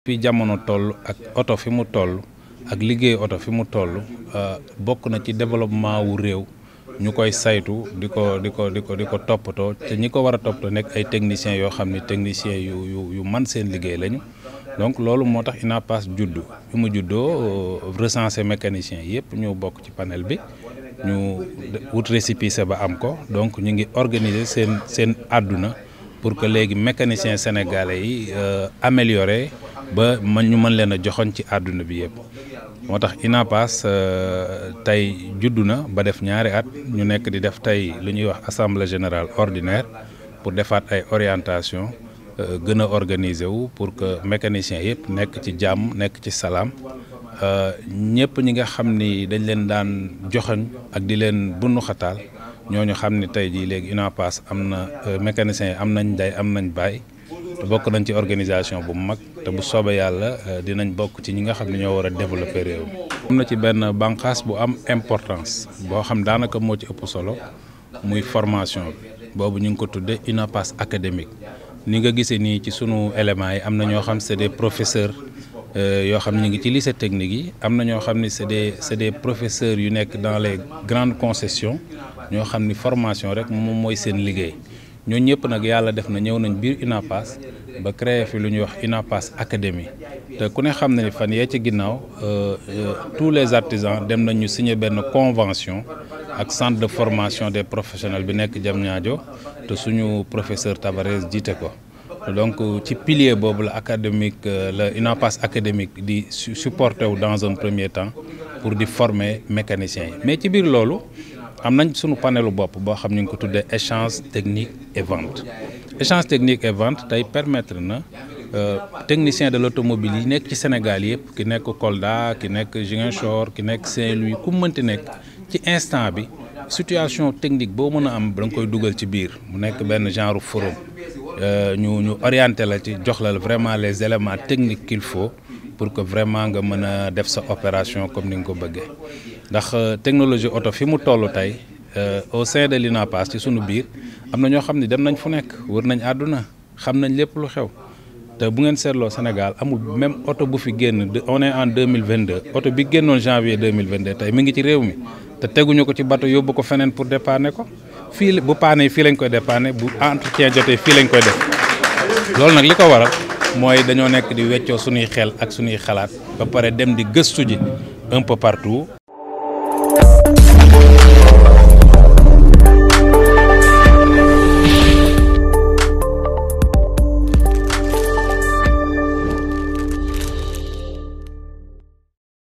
fi jamono toll ak oto fi mu toll ak liggéey oto fi mu toll euh, bokk na ci développement wu réew ñu koy saytu di ko di ko di ko di ko toppatoo te ñi ko war a toppatoo nekk ay techniciens yoo xam ne techniciens yu yu man seen liggéey lañu donc loolu moo tax INAPAS juddu bi mu juddoo euh, recensé mécaniciens yëpp ñu bokk ci panel bi ñu wut récépissé ba am ko donc ñu ngi organiser seen seen àdduna pour que léegi mécaniciens sénégalais yi euh, améliorer. ba man ñu mën leen a joxoñ ci àdduna bi yëpp moo tax INAPAS euh, tey juddu na ba def ñaari at ñu nekk di def tey lu ñuy wax assemblée générale ordinaire pour defaat ay orientation euh, gën a organiser wu pour que mécaniciens yëpp nekk ci jàmm nekk ci salaam euh, ñëpp ñi nga xam ni dañ leen daan joxoñ ak di leen bunnu xataal ñooñu xam ni tey jii léegi UNAPAS am na mécaniciens yi am nañ day am nañ bàyyi te bokk nañ ci organisation bu mag te bu soobee yàlla euh, dinañ bokk ci ñi nga xam ne ñoo war a développer réew mi. am na ci benn bànqaas bu am importance boo xam daanaka moo ci ëpp solo muy formation boobu ñu ngi ko tuddee UNAPAS académique ni nga gisee nii ci sunu éléments yi am na ñoo xam c'est des professeurs. Euh, yoo xam ne ñu ngi ci lycée technique yi am na xam ne c'est des c'est des professeurs yu nekk dans les grandes concessions ñoo xam ni formation rek moom mooy seen liggéey ñooñu ñëpp nag yàlla def na ñëw nañ biir UNAPAS ba créé fi lu ñuy wax UNAPAS académie te ku ne xam na ni fan yee ci ginnaaw euh, euh, tous les artisans dem nañu signer benn convention ak centre de formation des professionnels bi nekk Diamniadio te suñu professeur Tavares jiite ko donc ci pilier boobu la académique euh, la UNAPAS académique di supporté wu dans un premier temps pour di former mécaniciens mais ci biir loolu am nañ suñu panelu bopp boo xam ni ko tuddee échange technique et vente échange technique et vente tey permettre na euh, techniciens de l'automobile yi sont ci Sénégal yëpp ki nekk Kolda ki nekk Ziguinchor ki nekk Saint-Louis ku mënti nekk ci instant bi situation technique boo mën a am da nga koy sont ci biir mu nekk genre forum euh, ñu ñu orienté la ci vraiment les éléments techniques qu'il faut pour que vraiment nga mën faire def opération comme nous nga ko ndax euh, technologie oto fi mu toll tey euh, au sein de l'UNAPAS ci sunu biir am na ñoo xam ne dem nañ fu nekk wër nañ àdduna xam nañ lépp lu xew te bu ngeen seetloo Sénégal amul même oto bu fi génn on mille en 2022 oto bi génnoon janvier 2022 tey mi ngi ci réew mi te teguñu ko ci bato yóbbu ko feneen pour dépanner ko fii bu paane fii lañ koy dépanner bu entretien jotee fii lañ koy def loolu nag li ko waral mooy dañoo nekk di weccoo suñuy xel ak suñuy xalaat ba pare dem di gëstu ji